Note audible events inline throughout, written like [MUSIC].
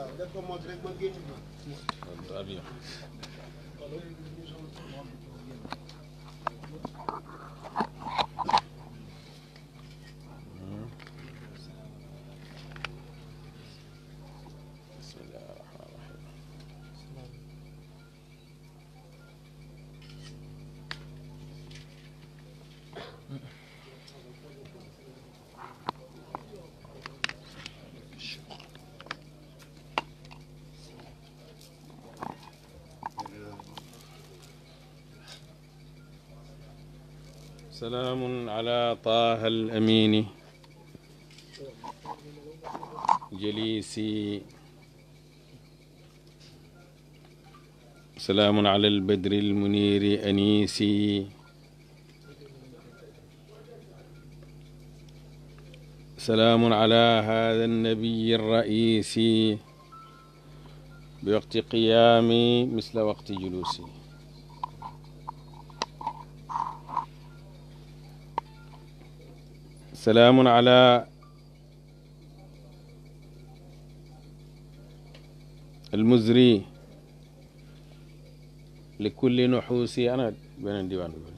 waaw def ko moom rek ba سلام على طه الأمين جليسي سلام على البدر المنير أنيسي سلام على هذا النبي الرئيسي بوقت قيامي مثل وقت جلوسي salaamun ala almuzri li kulli nuxuusi ana beneen diwaan bi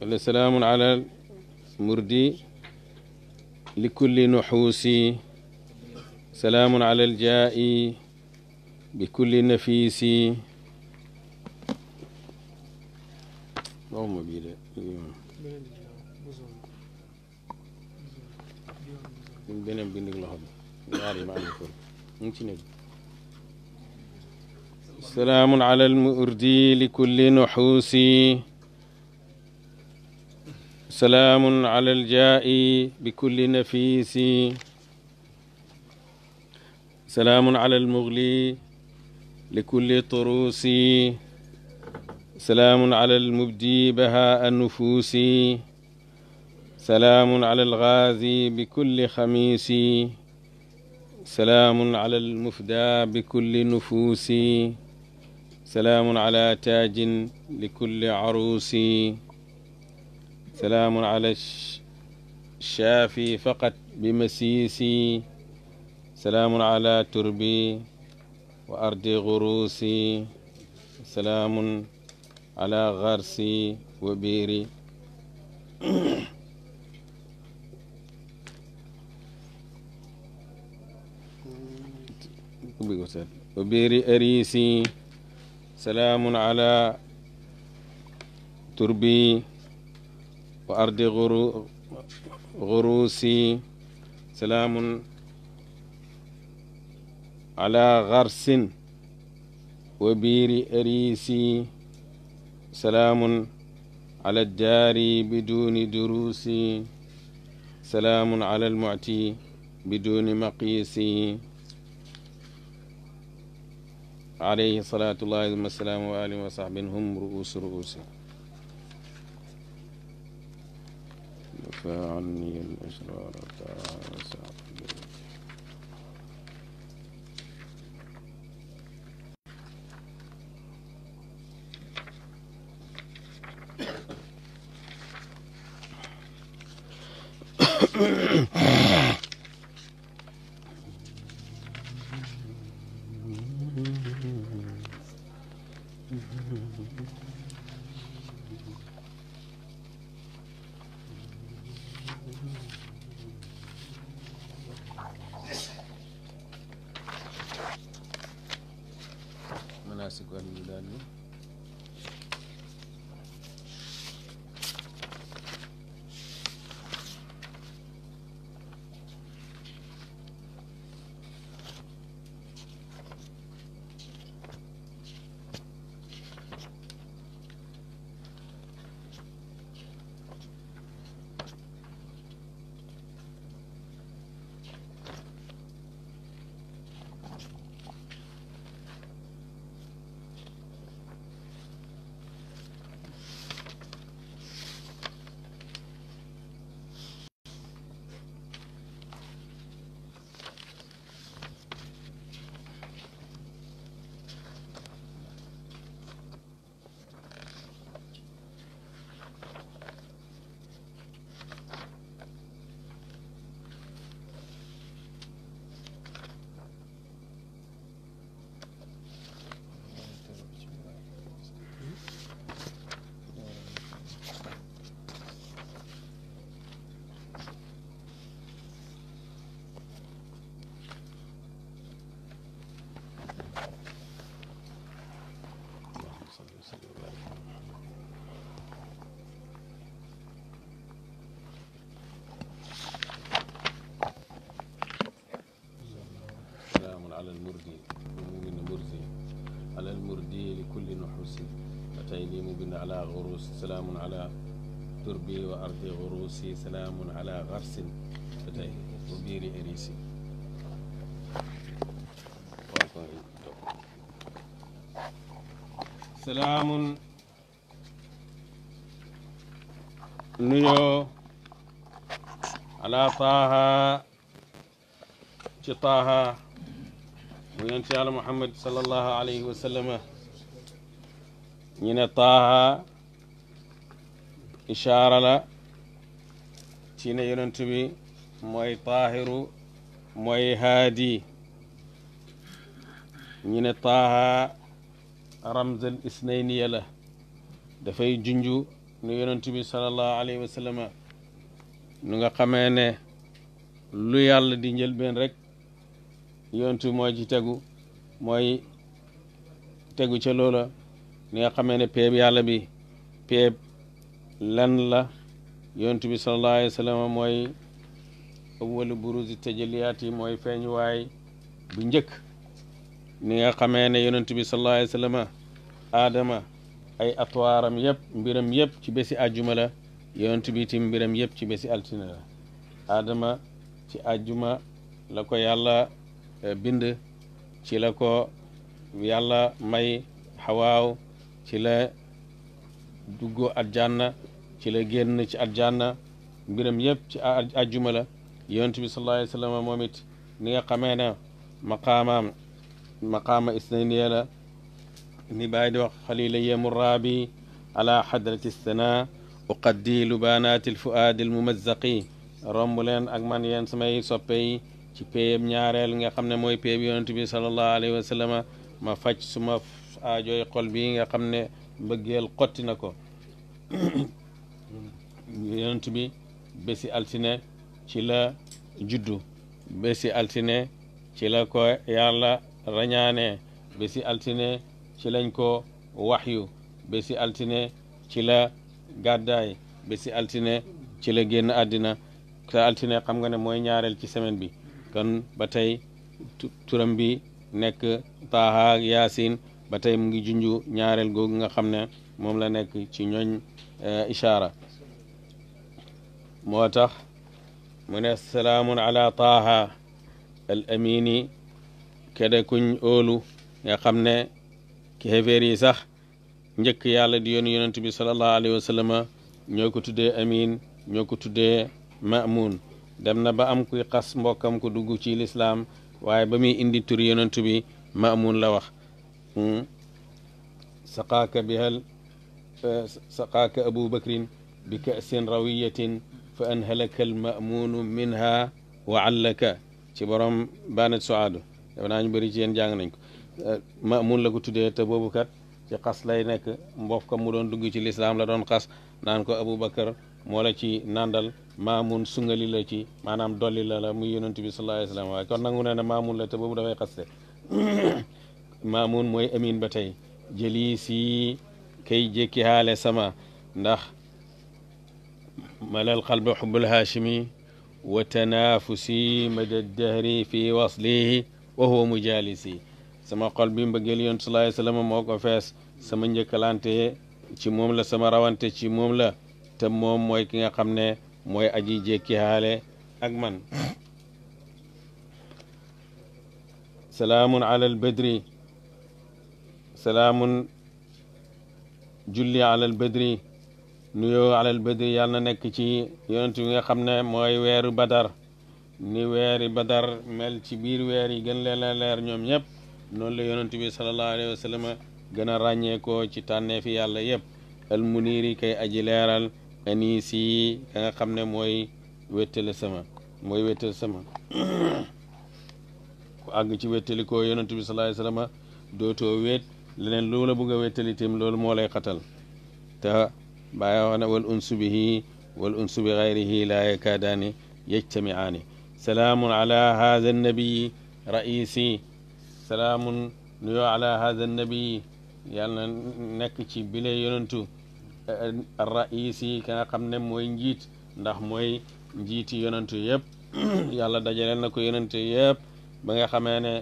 wala salaamun ala almurdi li kulli nuxuusi salaamun ala aljaa'i bi kulli nafiisi waxuma bii de beneen bindig loxo bi ñaar yi ma am ko mu ngi ci nekk salaamun ala almurdi li kulli nuxuusi salaamun ala aljaa'i bi kulli nafiisi salaamun ala almughli li kulli turusi salaamun ala almubdi baha annufuusi salaamun ala algaazi bi kulli xamiisi salaamun ala almufda bi kulli nufuusi salaamun ala taajin li kulli aruusi salaamun ala shaafi faqat bi masiisi salaamun ala turbi wa ardi gurusi salaamun ala garsi wa biiri wa biiri ariisi salaamun ala turbi wa ardi gurusi salaamun ala xarsin wa biiri ariisi salaamun ala jaari biduni duruusi salaamun ala almuti biduni maqiisi alayhi salaatullahi wa salaamu wa alihi wa sahbin hum ruusu ruusi dafaa anni al asrar المردي من المرزي على المردي لكل نحوس أتيني مبن على غروس سلام على تربي وأرض غروسي سلام على غرس أتيني مبير إريسي سلام nuyoo ala taaha ci taaha bu yonent yàlla muhammad sallallahu alayhi wa sallama ñu ne taaha ishaara la ci ne yonent bi mooy taahiru haadi ñu ne taaha ramzal isnayniya la dafay junju nu yonent bi sallallahu alayhi wa sallama nu nga xamee ne lu yàlla di njëlbeen rek yontu moo ci tegu mooy tegu ca loola ni nga xamee ne peeb yàlla bi peeb lan la yontu bi sallallahu mooy awwalu buruzi tajaliyaat yi mooy feeñuwaay bu njëkk ni nga xamee ne yonentu bi sallallahu alayhi aadama ay atwaaram yëpp mbiram yëpp ci bési àjjuma la yonentu bi mbiram yëpp ci bési altine la aadama ci àjjuma la ko yàlla Eh, bind ci la ko yàlla may xawaaw ci la duggo aljanna ci la génn ci aljanna mbiram yëpp ci ajjuma la yonent bi sallallahu alayhi wa sallam moom it ni nga xamee ne maqaamaam maqaama isnayniya la ni bàyyi di wax xalila yemuraabi ala xadrati sana uqaddi lubaanaati alfuaadi almumazzaqi romb leen ak man yeen samay soppe ci payam ñaareel nga xam ne mooy pay bi yonent bi sallallahu alayhi wa ma faj suma aajooy xol bi nga xam ne mbëggeel xotti na ko yonent bi bési altine ci la juddu bési altine ci la ko yàlla rañaane si altine ci lañ ko waxyu si altine ci la gàddaay bési altine ci la génn àddina te altine xam nga ne mooy ñaareel ci semaine bi kon ba tey turam bi nekk taaha ak yaasin ba tey mu ngi junju ñaareel googu nga xam ne moom la nekk ci ñooñ eh, ishaara moo tax mu ne salaamun ala taaha al amini kede kuñ óolu nga xam ne kéeféer yi sax njëkk yàlla di yoon yonent bi sallallahu alayhi wa sallama ñoo ko tuddee amin ñoo ko tuddee mamun dem na ba am kuy xas mbokkam ku dugg ci lislaam waaye ba muy indi tur yonentu bi maamun la wax hmm? saqaaka bihal eh, saqaaka abu bakrin bi kasin rawiyatin fa anhalaka al maamunu minha wa allaka ci borom banet soaadu def naa ñu bëri ci yéen jàng nañ ko eh, maamun la ko tuddee te boobu kat ci xas lay nekk mbokkam mu doon dugg ci lislaam la doon xas naan ko abou bakar moo la ci nàndal maamun sungali la ci maanaam dolli la la muy yonent bi sallallahu alayhi wa sallam waaye kon nangu ne ne la te boobu dafay xaste [COUGHS] maamun mooy amin ba tey jëli si kay jékki xaale sama ndax malal xalba xubbul haashimi wa tanaafusi mada dahri fi waslihi wa huwa mujaalisi sama xol bi mbëggeel yonent sallallahu sama njëkkalante ci moom la sama rawante ci moom la te moom mooy ki nga xam ne mooy aji jékki xaale ak man salaamun ala al badri salaamu julli ala al badri nuyoo ala badri yàlla nekk ci yonent bi nga xam ne mooy weeru badar ni weeri badar mel ci biir weer yi gën leen a leer ñoom ñëpp noonu la yonent bi sallallahu alayhi wa gën a ràññeekoo ci tànneefi yàlla yëpp al muniri kay aji leeral ani si ka nga xam ne mooy wéttale sama mooy wéttale sama [COUGHS] ku àgg ci wéttali koo yonent bi sallallahu alayhi wasallam dootoo wéet leneen loolu la bëgg a wéttali tim loolu moo lay xatal te bàyyi wax ne wal unsu bihi wal unsu bi xayrihi laa yakaadaani yajtamiaani salaamun ala haada nabiyi raisi salaamun nuyoo ala haada nabiyi yàlla na nekk ci bile yonentu raisi ka nga xam ne mooy njiit ndax mooy njiiti yonentu yëpp [CLEARS THROAT] yàlla dajaleel na ko yonentu yëpp ba nga xamee ne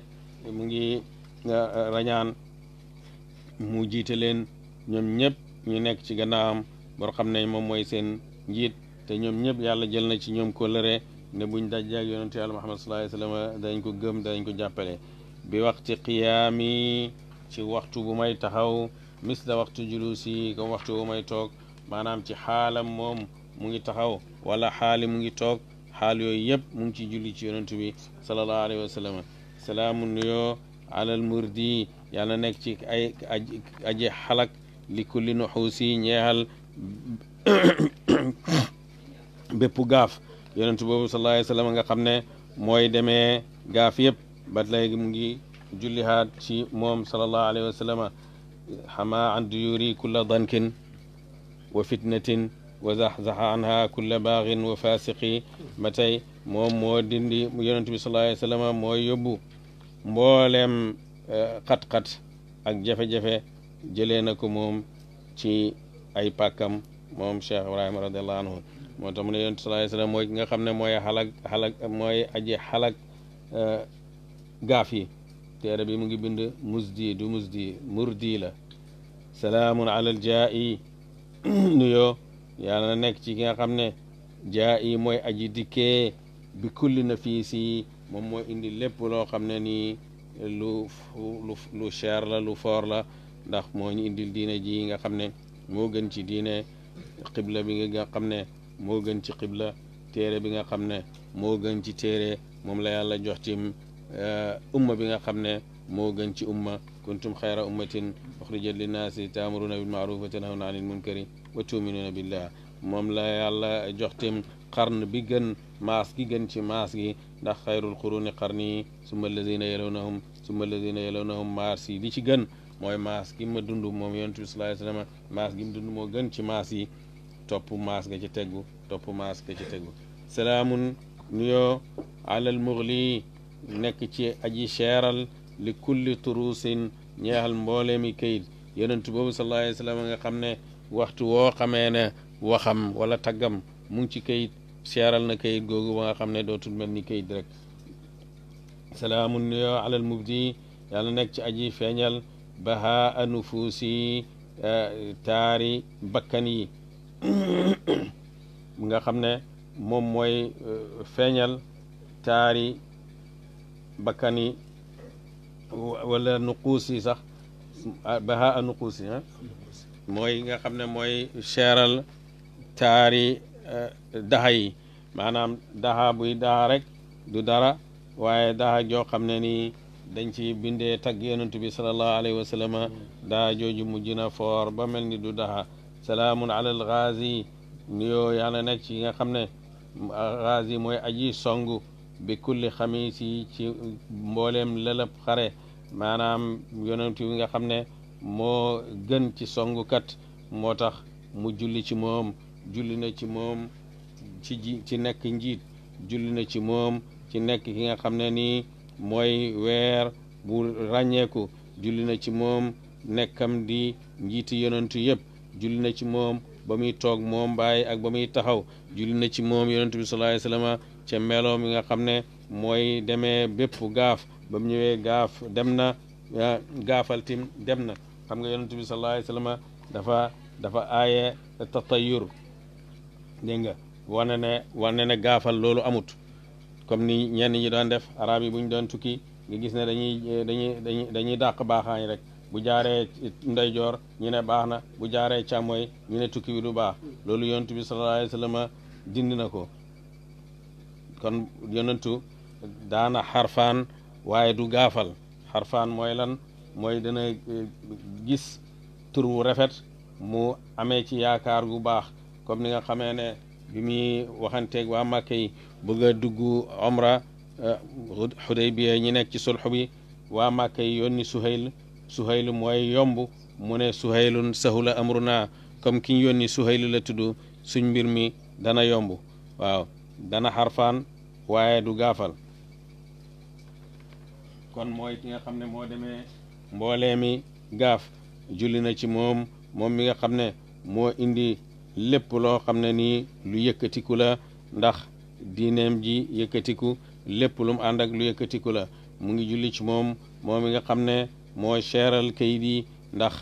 mu ngi rañaan mu jiite leen ñoom ñëpp ñu nekk ci gannaawam boo xam ne moom mooy seen njiit te ñoom ñëpp yàlla jël na ci ñoom kóllëre ne buñ dajjeeg yonentu yàlla muhammad sallallahu alayhi wa sallam dañ ko gëm dañ ko jàppale bi waxti qiyaami ci waxtu bu may taxaw misla waxtu julusi comme waxtu wu may toog maanaam ci xaalam moom mu ngi taxaw wala xaali mu ngi toog xaal yooyu yëpp mu ngi ci julli ci yonentu bi sallallahu alayhi wa sallam salaamu nuyoo alal murdi yàlla nekk ci ay aji xalak li kulli nuxuusi ñeexal [COUGHS] bépp gaaf yonentu boobu sallallahu alayhi nga xam ne mooy demee gaaf yëpp ba léegi mu ngi jullihaat ci moom sallallahu alayhi wa xama an duyuri kulla dankin wa fitnatin wa zaxzaxa anha kulla baaxin wa fasiqi ba moom moo dindi yonent bi moo yóbbu mbooleem xat-xat ak jafe-jafe jëlee na ko moom ci ay pàkkam moom Cheikh Ibrahima radiallahu anhu moo tax mu ne yonent mooy ki nga xam ne mooy téere bi mu ngi bind musdi du musdi murdi la salaamun alal jaa i nuyoo yàlla na nekk ci ki nga xam ne jaa i mooy aji dikkee bi kulli na fii si moom mooy indi lépp loo xam ne nii lu lu cher la lu foor la ndax moo ñu indil diine ji nga xam ne moo gën ci diine xibla bi nga xam ne moo gën ci xibla téere bi nga xam ne moo gën ci téere moom la yàlla jox cim Eh, umma bi nga xam ne moo gën ci umma kuntum xayra ummatin uxrijat linnaasi taamuruna bil maaruf wa tanhawna anil munkari wa tuminuna billah moom la yàlla jox tim xarn bi gën maas gi gën ci maas gi ndax xayrul quruni qarni summa allazina yalownahum summa allazina yalownahum maas yi li ci gën mooy maas gi ma dund moom yonent bi sallallahu alayhi wasallam maas gi mu dund moo gën ci maas yi topp maas ga ci teggu topp maas ga ci teggu salaamun nuyoo alal mughli nekk ci aji seeral li kulli turusin ñeexal mbooleemi kayit yonent boobu sallallahu alayhi nga xam ne waxtu woo xamee ne waxam wala taggam mu ngi ci kayit seeral na kayit googu ba nga xam ne dootul mel ni kayit rek salaamun yo alal mubdi yàlla nekk ci aji feeñal bahaa a e, taari bakkan yi [COUGHS] nga xam ne moom mooy e, feeñal taari bakkan yi wala nuquus yi sax baha a nuquus yi ah. mooy nga xam ne mooy seeral taari eh, daxa maanaam daha buy daxa rek du dara waaye daxa joo xam ne ni dañ ci bindee tagg yonent bi salallahu alayhi wa sallama jooju mujj na foor ba mel ni du daxa salaamun ala al gaazi nuyoo yàlla nekk ci nga xam ne gaazi mooy aji songu bi kulli xamiis yi ci mbooleem lëlëb xare maanaam yonent wi nga xam ne moo gën ci songukat moo tax mu julli ci moom julli na ci moom ci ci nekk njiit julli na ci moom ci nekk ki nga xam ne nii mooy weer bu ràññeeku julli na ci moom nekkam di njiiti yonentu yëpp julli na ci moom ba muy toog moom bàyyi ak ba muy taxaw julli na ci moom yonentu bi sallallahu alayhi ce melo mi nga xam ne mooy demee bépp gaaf ba mu ñëwee gaaf dem na gaafal tim dem na xam nga yonent bi sallallahu alayhi wa dafa dafa aaye tatayur dégg nga wane ne wane ne gaafal loolu amut comme ni ñenn ñi daan def arab yi bu ñu doon tukki nga gis ne dañuy dañuy dañuy dañuy dàq baaxaañ rek bu jaaree ndeyjoor ñu ne baax na bu jaaree càmmooy ñu ne tukki bi du baax loolu yonent bi sallallahu alayhi wa sallam dindi na ko kon yonentu daana xarfaan waaye du gaafal xarfaan mooy lan mooy dana eh, gis tur wu rafet mu amee ci yaakaar gu baax comme ni nga xamee ne bi muy waxanteeg waa Màkka yi bëgg dugg omra Xudaybiya eh, ñi nekk ci sulxu bi waa Màkka yi yónni Suhayl Suhayl mooy yomb mu ne Suhaylun sahula amruna comme ki ñu yónni Suhayl la tudd suñ mbir mi dana yomb waaw dana xarfaan waaye du gaafal kon mooy ki nga xam ne moo demee mboolee mi gaaf julli na ci moom moom mi nga xam ne moo indi lépp loo xam ne nii lu yëkkatiku la ndax diineem ji yëkkatiku lépp lu mu ànd ak lu yëkkatiku la mu ngi julli ci moom moom mi nga xam ne moo seeral kayit yi ndax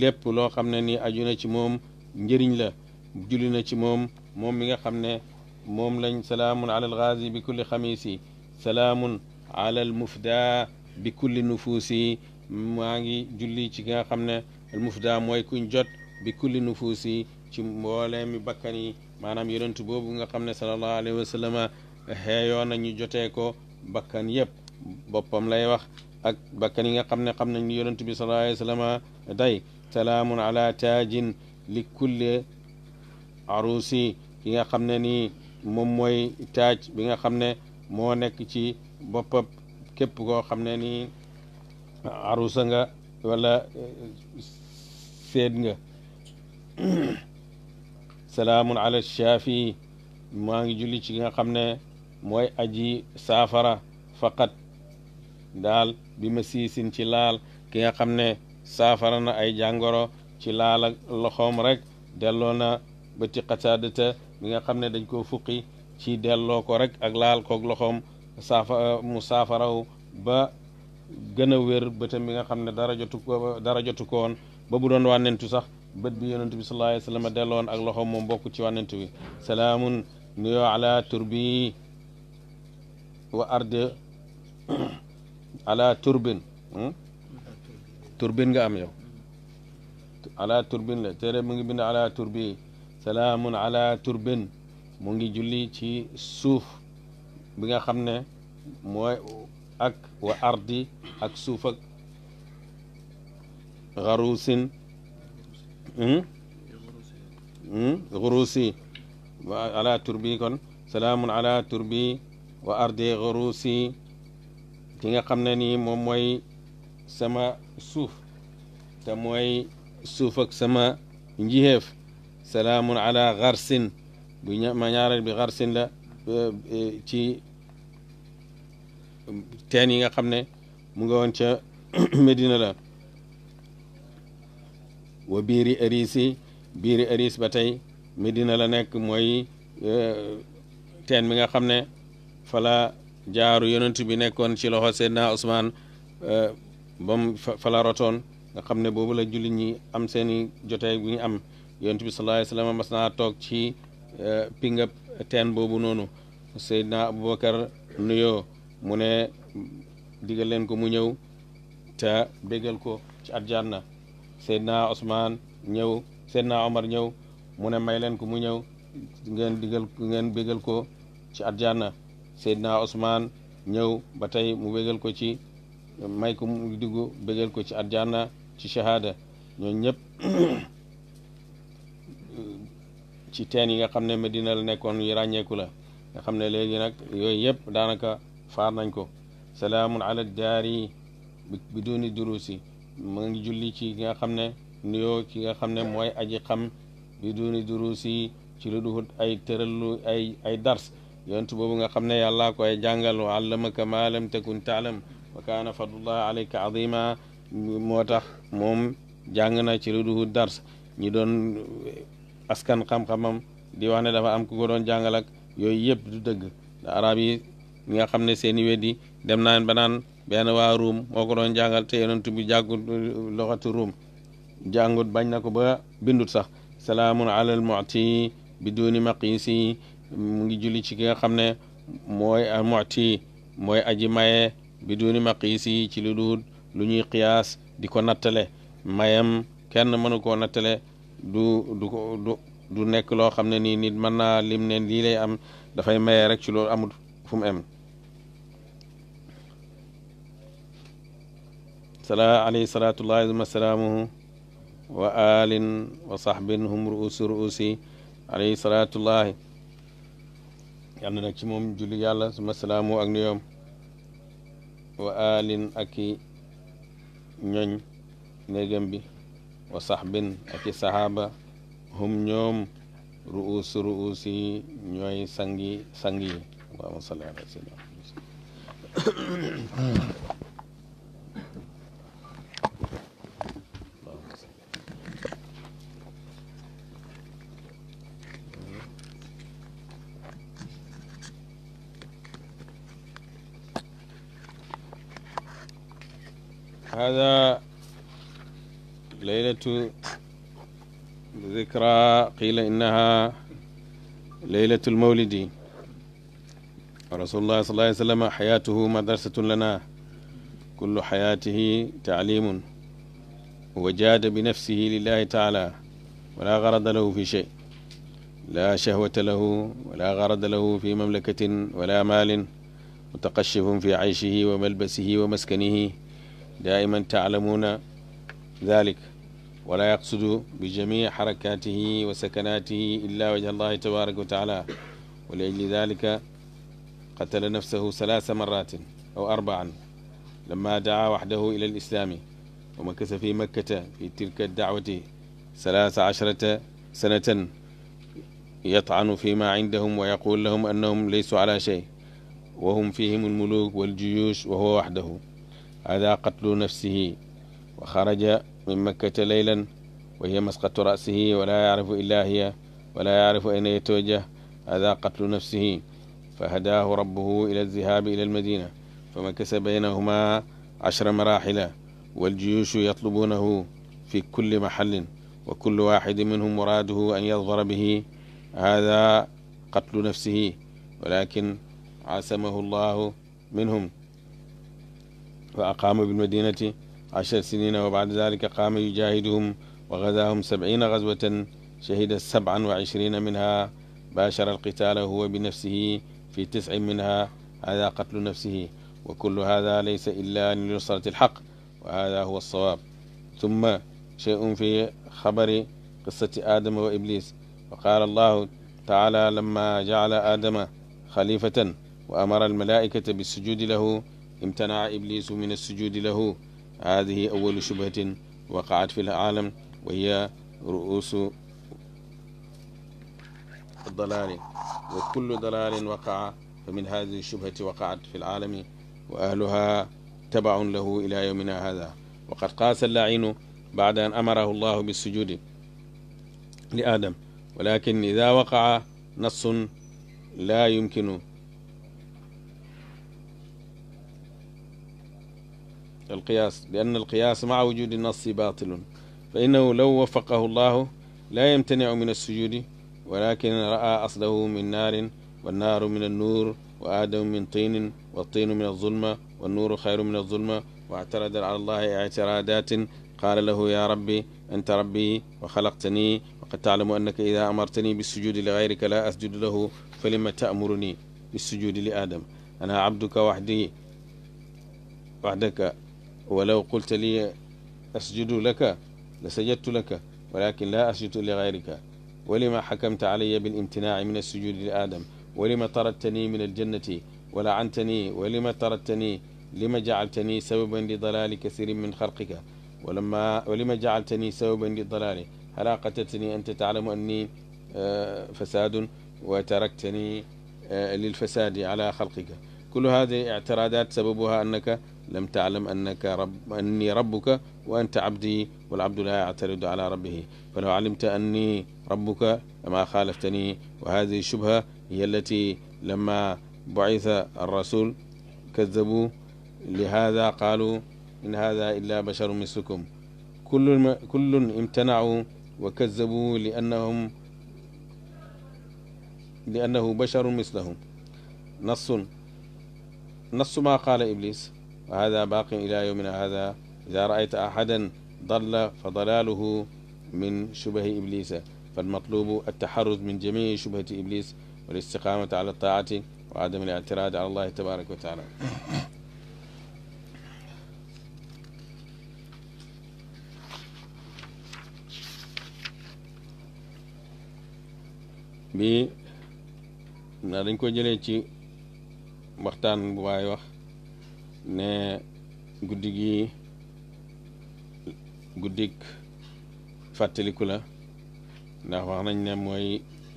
lépp loo xam ne nii aju na ci moom njëriñ la julli na ci moom moom mi nga xam ne moom lañ salaamun ala alxaazi bi kulli xamiisi salaamun ala almufda bi kulli nufuusi maa ngi julli ci nga xam ne almufda mooy kuñ jot bi kulli nufuusi ci mboolee mi bakkan yi maanaam yonent boobu nga xam ne salallahu alayhi wa sallam xeeyoo nañu jotee ko bakkan yëpp boppam lay wax ak bakkan yi nga xam ne xam nañ ni yonent bi salallahu alayhi wa sallam day salaamun ala taajin li kulli arusi ki nga xam ne nii moom mooy taaj bi nga xam ne moo nekk ci boppam képp koo xam ne nii arusa nga wala seet nga [CLEARS THROAT] salaamun ala shafii maa ngi julli ci nga xam ne mooy aji saafara faqat daal bi ma siisin ci laal ki nga xam ne saafara na ay jàngoro ci laal loxoom rek delloo na ba ci xataadata bi nga xam ne dañ koo fuqi ci delloo ko rek ak laal koog loxoom saafa mu saafaraw ba gën a wér bëtam bi nga xam ne dara jotu ko dara jotu ko woon ba bu doon wànnentu sax bët bi yonent bi sallallahu alayhi wa ak loxoom moom bokk ci wànnentu bi salaamun nuyoo ala turbi wa arde ala turbin hmm? turbin nga am yow ala turbin la téere mu ngi bind ala turbi salaamun ala turbin mu ngi julli ci suuf bi nga xam ne mooy ak wa ardi ak suuf ak xaruusin xuruusi hmm? hmm? ala turbi kon salaamun ala turbi wa ardi xuruusi ki nga xam ne nii moom mooy sama suuf te mooy suuf ak sama njiheef salaamun alaa garsin bu ma ñaareel bi garsin la e, ci teen yi nga xam ne mu nga woon ca [CLEARS THROAT] Medina la wa biiri aris yi biiri aris ba tey Medina la nekk mooy e, teen bi nga xam ne fala jaaru yonent bi nekkoon ci loxo Seydina Ousmane e, bam fala rotoon nga xam ne boobu la jullit ñi am seeni jotaay bu ñu am yonent bi sallallahu alayhi wa naa toog ci eh, pingab ten boobu noonu Seydina Aboubacar nuyoo mu ne digal leen ko mu ñëw te bégal ko ci àjjana Seydina Ousmane ñëw Seydina Omar ñëw mu ne may leen ko mu ñëw ngeen digal ngeen bégal ko ci àjjana Seydina Ousmane ñëw ba tey mu bégal ko ci may ko mu diggu bégal ko ci àjjana ci shahada ñooñu ñëpp ci teen yi nga xam ne Medina la nekkoon yu ràññeeku la nga xam ne léegi nag yooyu yëpp daanaka faar nañ ko salaamun ala daari bi duni durusi mu ngi julli ci nga xam ne nuyoo ki nga xam ne mooy aji xam bi duni durusi ci lu ay tëralu ay ay dars yontu boobu nga xam ne yàlla koy jàngal wa allamaka ma lam takun taalam wa kaana fadlullah alayka azima moo tax moom jàng na ci lu duhut dars ñi doon askan xam-xamam di wax ne dafa am ku ko doon jàngal ak yooyu yëpp du dëgg arab yi ñi nga xam ne seeni i weddi dem naan ba naan benn waa ruum moo ko doon jàngal te yonent bi jàngut loxatu ruum jàngut bañ na ko ba bindut sax salaamun alal muti bi duuni maqisi mu ngi julli ci ki nga xam ne mooy mooy aji maye bi duuni maqisi ci lu lu ñuy qiyaas di ko nattale mayam kenn mënu koo nattale du du nekk loo xam ne nii nit mën naa lim ne lii lay am dafay maye rek ci loolu amul fu mu em sala alayhi salatullahi wa salaamuhu hum ruusi ruusi alayhi salatullahi yal na ci moom julli yàlla suma salaamu ak nuyoom wa alin ak ñoñ néegam bi wa saxbin ak i saxaaba hum ñoom ruus ruus yi ñooy sangi sang yi allahuma salli ala sayyidina hada laylatu zikra qiila innaha laylatu lmawlidi rasulullah sallallahu alayhi wa sallam xayaatuhu madrasatun lana kullu xayaatihi taalimun wa jaada bi nafsihi lillahi taala wala garada lahu fi shay laa shahwata lahu wala garada lahu fi mamlakatin wala maalin mutaqashifun fi ayshihi wa malbasihi wa maskanihi daa'iman taalamuuna dalik wala yaqsudu bi jamii xarakatihi wa sakanaatihi illa wajha allahi tabaraka wa taala wa li ajli dalika qatala nafsahu salaasa maratin aw arbaan lama daa waxdahu ila alislaami wa makasa fi makkata fi tilka dacwati salaasa cashrata sanatan yatcanu fi ma cindahum wa yaquul lahum annahum laysu ala shay wa hum fihim almuluk waljuyush wa huwa waxdahu hada qatlu nafsihi wa xaraja min makkata laylan wa hiya masqatu ra'sihi wa laa yacrifu illaa hiya wa laa yacrifu ayna yatawajjah haadaa qatlu nafsihi fa hadaahu rabbuhu ila aldihaabi ila almadina fa makasa baynahumaa cashra maraaxila waljuyuushu yatlubuunahu fi kulli maxallin wa kullu waaxidin minhum muraaduhu an yadfara bihi haadaa qatlu nafsihi walaakin casamahu allahu minhum wa aqaama bilmadinati ashar sinina wa baada dalika qaama yujaahiduhum wa gadaahum sabciina gazwatan shahida sabcan wa cishriina minha baashara alqitaala huwa binafsihi fi tiscin minha hada qatlu nafsihi wa kullu hada laysa illa linusrati alxaq wa hada huwa alsawaab summa shay'un fi xabari qissati aadama wa iblis wa qaala allahu taala lama jacala aadama xalifatan wa amara almalaa'ikata bisujuudi lahu imtanaca iblisu min assujuudi lahu haadihi awalu shubhatin waqaat fi laalam wa hiya ruusu dalaali wa kullu dalaalin waqaa fa min haadihi shubhati waqaat fi laalami wa ahluha tabaun lahu ila yowmina hada wa qad qaasa llainu bacda an amarahu llahu bisujudi li aadam walakin ida waqaa nassun laa yumkinu القياس لأن القياس مع وجود النص باطل فإنه لو وفقه الله لا يمتنع من السجود ولكن رأى أصله من نار والنار من النور وآدم من طين والطين من الظلمة والنور خير من الظلمة واعترض على الله اعتراضات قال له يا ربي أنت ربي وخلقتني وقد تعلم أنك إذا أمرتني بالسجود لغيرك لا أسجد له فلم تأمرني بالسجود لآدم أنا عبدك وحدي وحدك walaw qulta li asjudu laka la sajadtu laka walakin la asjudu li gayrika walima xakamta calaya bilimtinaaci min asujudi li aadam walima taratanii min aljannati ولعنتني ولم طردتني لما جعلتني سببا لضلال كثير من خلقك ولما ولما جعلتني سببا لضلال هلا قتلتني أنت تعلم أني فساد وتركتني للفساد على خلقك kullu hadihi ictiradat sababuha annaka lam taalam annaka rab anni rabbuka wa anta abdi walabdu la yactaridu ala rabbihi falaw calimta anni rabbuka lama xaalaftani wa hadihi shubha hiya allati lama bucitha arrasul kadabu lihada qaalu in hada illa basharu mislukum kullun imtanacuu wa kadabuu liannahum liannahu basharu mislahum nasun nasu maa qaala iblis wa hada baqin ila yowmina hada ida raayta ahadan dalla fa dalaaluhu min shubahi iblisa falmatlubu altaxarus min jamici shubhati iblis walistiqamata ala taati wa adam alictirad ala allahi tabaraka wa taala bi na dañ ko jëlee ci waxtaan bu waay wax ne guddi gi guddik fàttaliku la ndax wax nañ ne mooy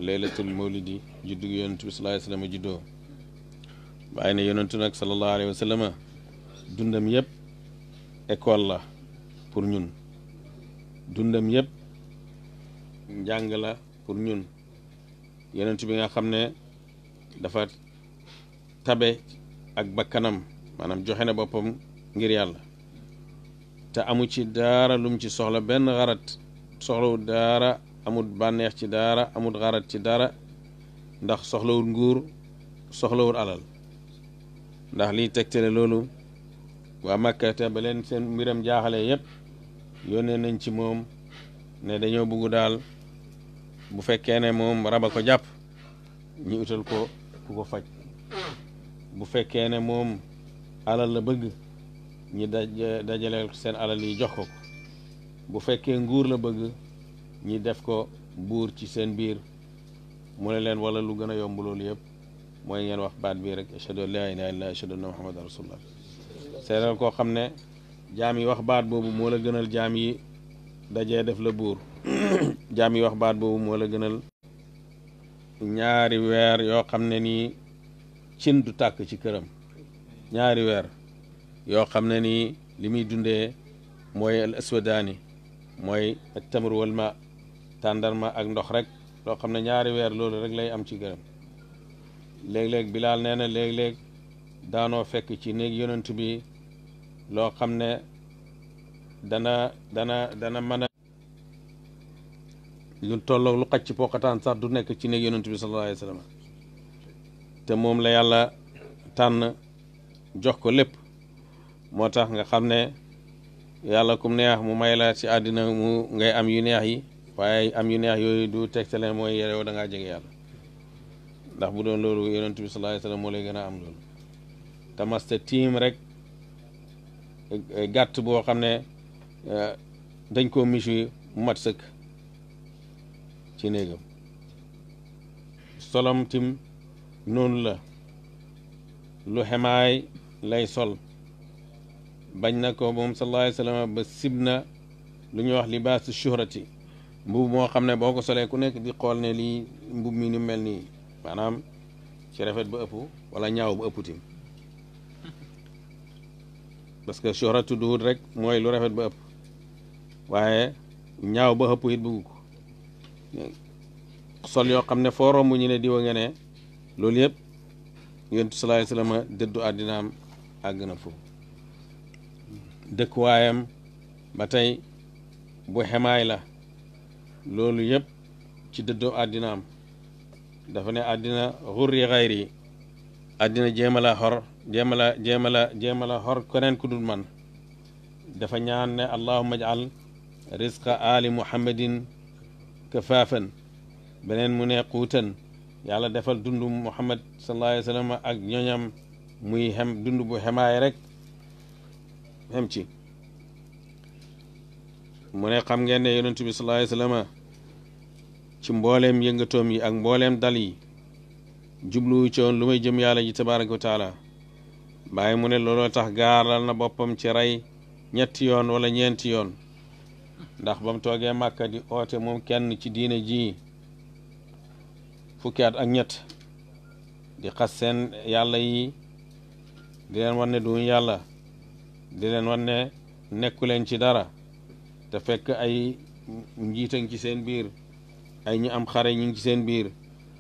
laylatul mawlidi juddu gi yonentu bi sallallahu alayhi wa sallam juddoo waaye ne yonentu nag sallallahu alayhi dundam yëpp école la pour ñun dundam yëpp njàng la pour ñun yonentu bi nga xam ne dafa tabe ak bakkanam maanaam joxe na boppam ngir yàlla te amu ci daara lum ci soxla benn xarat soxlawul daara amul bànneex ci daara amul xarat ci dara ndax soxlawul nguur soxlawul alal ndax liy tegtale loolu waa Makka ba leen seen mbiram jaaxale yépp yónnee nañ ci moom ne dañoo bëgg daal bu fekkee ne moom raba ko jàpp ñu utal ko ku ko faj bu fekkee ne moom alal la bëgg ñi daj dajaleel seen alal yi jox ko bu fekkee nguur la bëgg ñi def ko buur ci seen biir mu ne leen wala lu gën a yomb loolu yëpp mooy ngeen wax baat bii rek ashhadu an laa ilaaha illallaah ashhadu anna muhammadan rasulullah seetal koo xam ne jaam yi wax baat boobu moo la gënal jaam yi dajee def la buur [CLEARS THROAT] jaam yi wax baat boobu moo la gënal ñaari weer yoo xam ne nii cin du tàkk ci këram ñaari weer yoo xam ne nii li muy dundee mooy al aswadaani mooy ak tamr wal ma tàndarma ak ndox rek loo xam ne ñaari weer loolu rek lay am ci këram léeg-léeg bilaal nee na léeg-léeg daanoo fekk ci néeg yonent bi loo xam ne dana dana dana mën lu tolloog lu xaj ci poqataan sax du nekk ci néeg yonent bi sallallahu alayhi te moom la yàlla tànn jox ko lépp moo tax nga xam ne yàlla kum neex mu may la si àddina mu ngay am yu neex yi waaye am yu neex yooyu du teg tegtale mooy yow da ngaa jege yàlla ndax bu doon loolu yonent bi sallallahu alayhi moo lay gën a am loolu tamaste tiim rek gàtt boo xam ne eh, dañ koo michu mat sëkk ci néegam solom tim noonu la lu xemaay lay sol bañ na ko moom sallallahu alayhi wa sallam ba sib na lu ñuy wax libaasu shuhrati mbubb moo xam ne boo ko solee ku nekk di xool ne lii mbubb mi ni mel nii maanaam ci rafet bu ëpp wala ñaaw bu ëpp tim parce que shuhratu duhut rek mooy lu rafet ba ëpp waaye ñaaw ba ëpp it bëgg ko sol yoo xam ne foo romb ñu ne diwa nga ne loolu yëpp yonent salaay salaam dëddu àddinaam àgg na foofu dëkkuwaayam ba tey bu xemaay la loolu yépp ci dëddoo àddinaam dafa ne àddina xurri xayri àddina jéem a la xor xor keneen ku dul man dafa ñaan ne allahumma jaal risqa ali muhammadin kafaafan beneen mu ne quutan yàlla defal dundu Muhammad sallallahu alayhi wa sallam ak ñoñam muy xem dund bu xemaay rek xem ci mu ne xam ngeen ne yonent bi sallallahu alayhi ci mbooleem yëngatoom yi ak mbooleem dal yi jubluwu ci coon lu may jëm yàlla ji tabaraka wa taala bàyyi mu ne looloo tax gaaral na boppam ci rey ñetti yoon walla ñeenti yoon ndax ba mu toogee màkka di oote moom kenn ci diine ji fukki at ak ñett di xas seen yàlla yi di leen wan ne duñ yàlla di leen wan ne nekku leen ci dara te fekk ay njiita ngi ci seen biir ay ñu am xare ñu ngi ci seen biir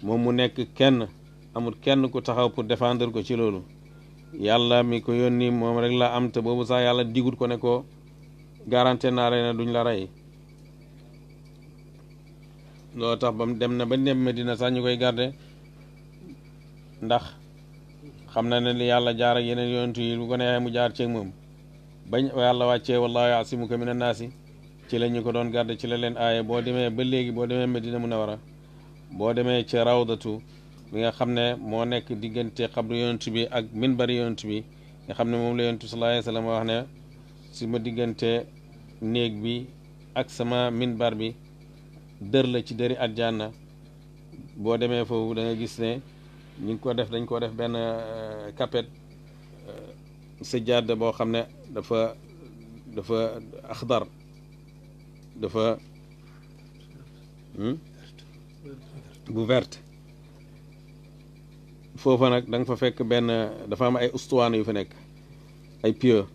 moom mu nekk kenn amul kenn ku taxaw pour défendre ko ci loolu yàlla mi ko yoon yónni moom rek laa am te boobu sax yàlla digut ko ne ko garanté naa na duñ la rey loo tax ba mu dem na ba dem Medina sax ñu koy garde ndax xam na ne li yàlla jaar ak yeneen yonent yi bu ko neexee mu jaar ceeg moom bañ yàlla wàccee ko yaasimuka mina naasi ci la ñu ko doon garde ci la leen aaye boo demee ba léegi boo demee Medina Munawara boo demee ci rawdatu bi nga xam ne moo nekk diggante xabru bi ak minbari bi xam ne moom la yonent sa sallallahu alayhi wa sallam wax ne si ma diggante néeg bi ak sama minbar bi dër la ci dëri na boo demee foofu danga gis ne ñu ngi ko def dañ ko def benn kapet euh, euh, sajjaad boo xam ne dafa dafa axdar dafa hmm? bu verte foofa nag da fa fekk benn dafa am ay ustuwaana yu fa nekk ay pieux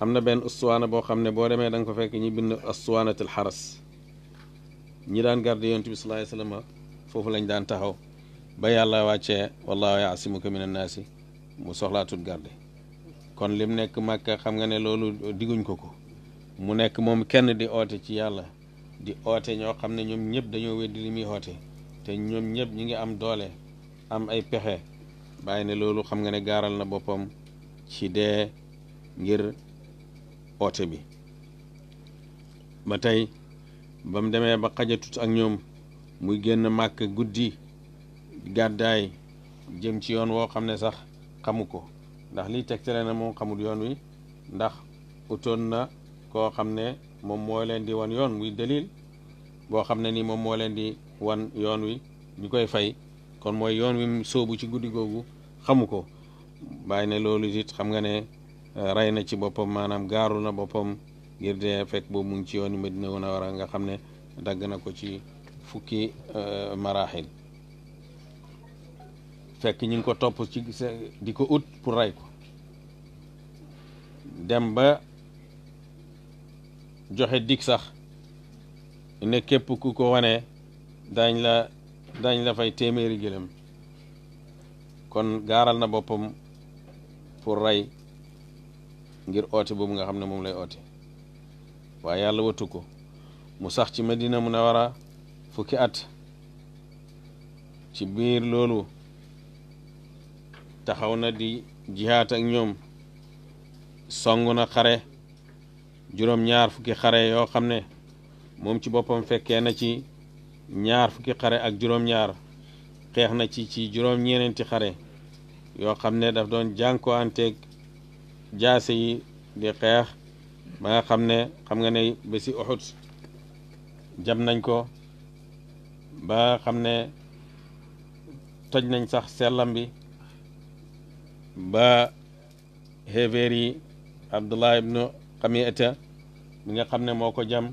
am na benn ustuwaana boo xam ne boo demee da nga fa fekk ñu bind ustuwaanatul xaras ñi daan garde yonent bi sallallahu alayhi wasallam foofu lañ daan taxaw ba yàlla wàccee wallahu yaasimuka min annaasi mu soxlaatut garde kon lim nekk màkka xam nga ne loolu digguñ ko ko mu nekk moom kenn di oote ci yàlla di oote ñoo xam ne ñoom ñëpp dañoo weddi li muy oote te ñoom ñëpp ñu ngi am doole am ay pexe bàyyi ne loolu xam nga ne gaaral na boppam ci dee ngir oote bi ba tey ba mu demee ba xajatut ak ñoom muy génn màkk guddi gàddaay jëm ci yoon woo xam ne sax xamu ko ndax liy tegtale na moom xamul yoon wi ndax utoon na koo xam ne moom moo leen di wan yoon muy dalil boo xam ne ni moom moo leen di wan yoon wi ñu koy fay kon mooy yoon wi sóobu ci guddi googu xamu ko bàyyi ne loolu it xam nga ne eh, rey na ci boppam maanaam gaaru na boppam ngir dee fekk boobu mu ngi ci yoonu a wara nga xam ne dagg na ko ci fukki euh, maraaxil fekk ñu ngi ko topp ci di ko ut pour rey ko dem ba joxe dig sax ne képp ku ko wane daañ la dañ la fay téeméeri gëlëm kon gaaral na boppam pour rey ngir oote boobu nga xam ne moom lay oote waa yàlla wattu ko mu sax ci madina munawara fukki at ci biir loolu taxaw na di jihaat ak ñoom song na xare juróom-ñaar fukki xare yoo xam ne moom ci boppam fekkee na ci ñaar fukki xare ak juróom-ñaar xeex na ci ci juróom-ñeneenti xare yoo xam ne daf doon jànkuwanteeg jaase yi di xeex ba nga xam ne xam nga ne ba si Uhud jam nañ ko ba xam ne toj nañ sax sellam bi ba xeveer yi Abdullah ibnu Xamiata bi nga xam ne moo ko jam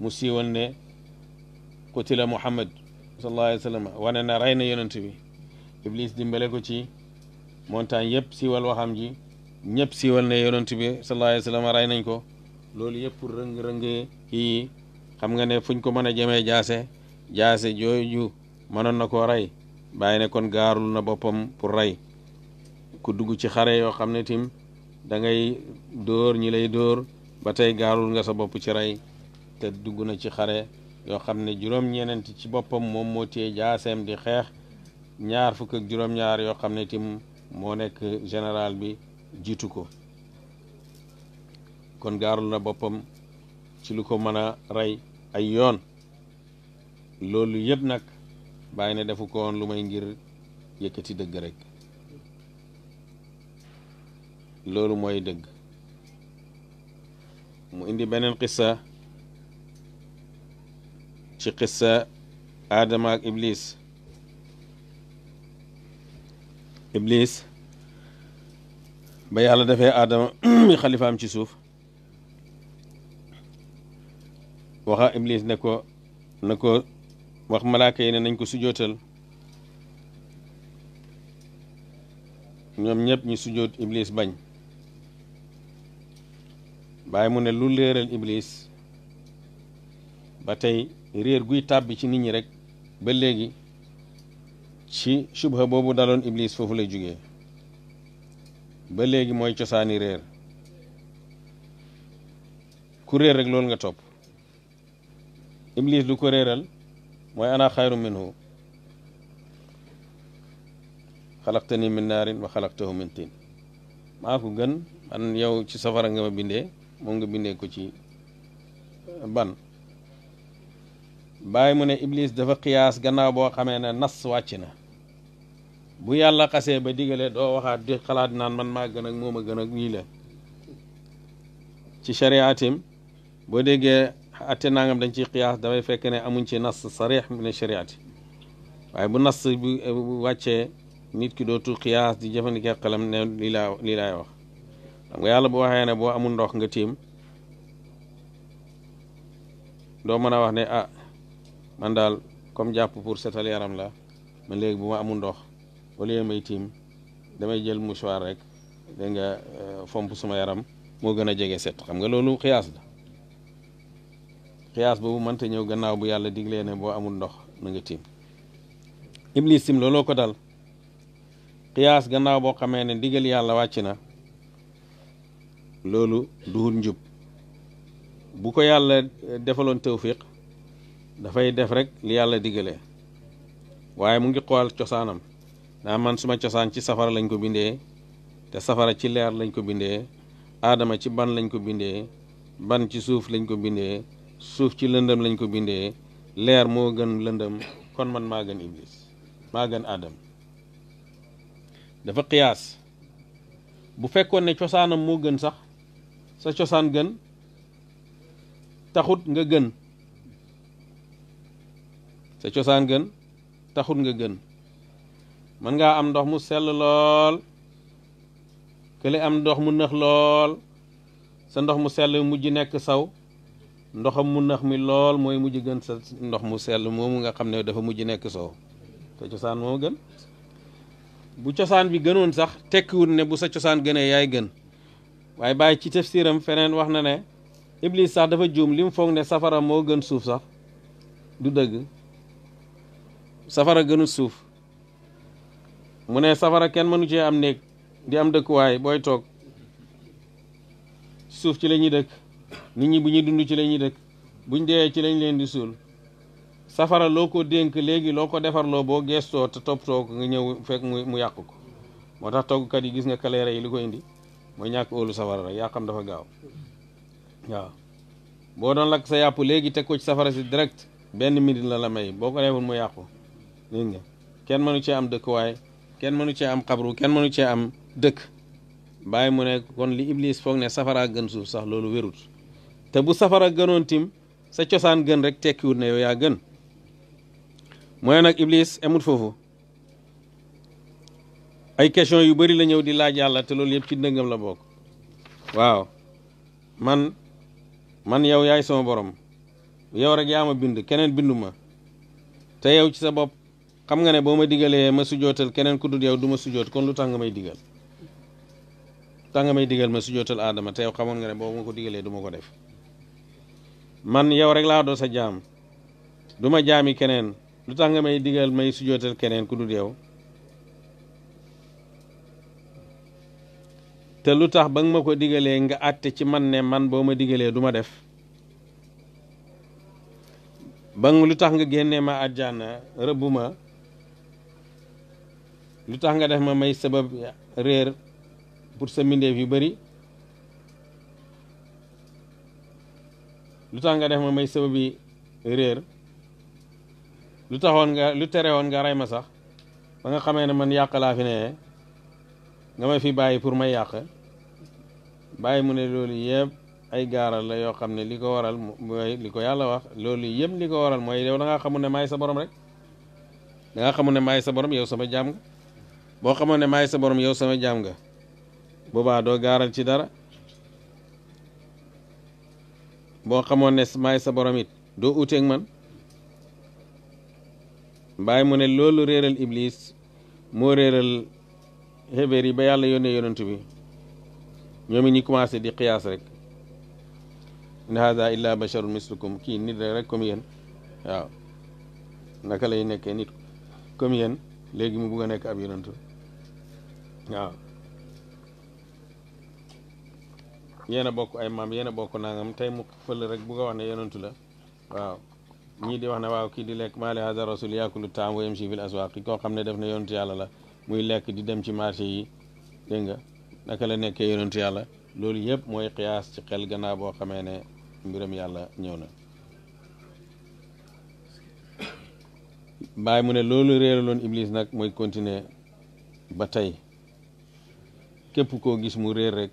mu siiwal ne qutila mu sallallahu alayhi wa sallam wane na rey na yonent bi Iblis dimbale ko ci montagne yëpp siiwal waxam ji ñëpp siiwal ne yonent bi sallallahu alayhi wa nañ ko loolu yëpp rëng-rëng kii xam nga ne fuñ ko mën a jëmee jaase jaase jooju mënoon na koo rey bàyyi ne kon gaarul na boppam pour rey ku dugg ci xare yoo xam ne tim da ngay dóor ñi lay dóor ba tey gaarul nga sa bopp ci rey te dugg na ci xare yoo xam ne juróom-ñeneenti ci boppam moom moo téye jaaseem di xeex ñaar fukk ak juróom-ñaar yoo xam ne tim moo nekk général bi jiitu ko kon gaarul na boppam ci lu ko mën a rey ay yoon loolu yëpp nag bàyyi ne defu ko lu may ngir yëkkati dëgg rek loolu mooy dëgg mu indi beneen xissa ci xissa aadama ak ibliis iblis ba yàlla defee aadama [COUGHS] mi xalifaam ci suuf waxa iblis ne ko na ko wax malaaka yi ne nañ ko sujootal ñoom ñëpp ñu sujoot iblis bañ bàyyi mu ne lu réeral iblis ba tey réer guy tàbbi ci nit ñi rek ba léegi ci subha boobu daloon iblis foofu lay jóge ba léegi mooy cosaani réer ku réer rek loolu nga topp iblis lu ko réeral mooy ana xayru minhu xalaqtani min naarin wa xalaqtahu min tin maa ko gën man yow ci safara nga ma bindee moom nga bindee ko ci euh, ban bàyyi mu ne iblis dafa xiyaas gannaaw boo xamee ne nas wàcc na bu yàlla xasee ba digale doo waxaat di xalaat naan man maa gën moom a gën ak la ci chariatim boo déggee atte nangam dañ ciy qiyaas damay fekk ne amuñ ci nas sarix ne shariati waaye bu nas eh, bu wàccee nit ki dootul qiyaas di jëfandikoo xelam ne lii lii laay wax xam nga yàlla bu waxee ne boo amul ndox nga tiim doo mën a wax ne ah man daal comme jàpp pour setal yaram la man léegi bu ma amul ndox au may tiim damay jël mouchoir rek dégg nga eh, fomp suma yaram moo gën a jege set xam nga loolu qiyaas la xiyaas boobu mënta ñëw gannaaw bu yàlla diglee ne boo amul ndox na nga tiim iblis tim looloo ko dal xiyaas gannaaw boo xamee ne digal yàlla wàcc na loolu duhul njub bu ko yàlla eh, defaloon tawfiq dafay def rek li yàlla digalee waaye mu ngi xool cosaanam naa man suma cosaan ci safara lañ ko bindee te safara ci leer lañ ko bindee aadama ci ban lañ ko bindee ban ci suuf lañ ko bindee suuf ci lëndëm lañ ko bindee leer moo gën lëndëm kon man maa gën iblis maa gën adam dafa qiyaas bu fekkoon ne cosaanam moo gën sax sa cosaan gën taxut nga gën sa cosaan gën taxut nga gën mën ngaa am ndox mu sell lool kële am ndox mu nëx lool sa ndox mu sell ji nekk saw ndoxam mu nax mi lool mooy mujj gën sa ndox mu sell moomu nga xam ne dafa mujj nekk soow te cosaan moo gën bu cosaan bi gënoon sax tekkiwut ne bu sa cosaan gënee yaay gën waaye bàyyi ci siiram feneen wax na ne iblis sax dafa juum li mu foog ne safara moo gën suuf sax du dëgg safara gënu suuf mu ne safara kenn mënu cee am néeg di am dëkkuwaay booy toog suuf ci la ñuy dëkk nit ñi bu ñuy dund ci la ñuy dëkk buñ dee ci lañ leen di suul safara loo ko dénk léegi loo ko defarloo boo geestoo te toppatoo ko nga ñëw fekk mu mu yàq ko moo tax toggkat yi gis nga kaleera yi li ko indi mooy ñàkk óolu safara rek yàqam dafa gaaw waaw boo doon lakk sa yàpp léegi teg ko ci safara si direct benn minute la la may boo ko deful mu yàqu dégg nga kenn mënu cee am dëkkuwaay kenn mënu cee am xabru kenn mënu cee am dëkk bàyyi mu ne kon li iblis foog ne safara gën suuf sax loolu wérut te bu safara gënoon tim sa cosaan gën rek tekkiwut na yow yaa gën mooy nag iblis amul foofu ay question yu bari la ñëw di laaj yàlla te loolu yëpp ci ndëngam la bokk waaw man man yow yaay sama borom yow rek yaa ma bind keneen bindu ma te yow ci sa bopp xam nga ne boo ma digalee ma sujootal keneen ku dul yow du ma sujoot kon lu tàng may digal tax nga may digal ma sujootal aadama te yow xamoon nga ne boo ma ko digalee du ma ko def man yow rek laa doo sa jaam duma ma jaami keneen lu tax nga may digal may sujootal keneen ku du yow te lu tax ba nga ma ko digalee nga àtte ci man ne man boo ma digalee duma def ba lu tax nga génnee ma àjjana rëbbu ma lu tax nga def ma may sabab réer pour sa mbindeef yu bari lu tax nga def ma may sababi réer lu taxoon nga lu tere woon nga rey ma sax ba nga xamee ne man yàq laa fi ne nga ma fi bàyyi pour may yàq bàyyi mu ne loolu yëpp ay gaaral la yoo xam ne li ko waral mooy li ko yàlla wax loolu yëpp li ko waral mooy danga da ne may sa borom rek da ngaa ne maay sa borom yow sama jaam boo xamoon ne maay sa borom yow sama jaam nga boobaa doo gaaral ci dara boo xamoon ne maay sa borom doo uuteeg man bàyyi mu ne loolu réeral iblis moo réeral xebeer yi ba yàlla yónnee yonent bi ñoom it ñi commencé di xiyaas rek in haada illa basharun mislukum kii nit rek comme yéen waaw naka lay nekke nit comme yéen léegi mu bugg a nekk ab yonent waaw yéen bokk ay maam yéen bokk naa nangam tey mu fël rek bu ko wax ne yonentu la waaw ñii di wax ne waaw kii di lekk maali hada rasul yaakulu taam wa yamshi fil aswaq koo xam ne def na yonentu yàlla la muy lekk di dem ci marché yi dégg nga naka la nekkee yonentu yàlla loolu yëpp mooy xiyaas ci xel gannaaw boo xamee ne mbiram yàlla ñëw na bàyyi mu ne loolu réeraloon iblis nag mooy continuer ba tey képp koo gis mu réer rek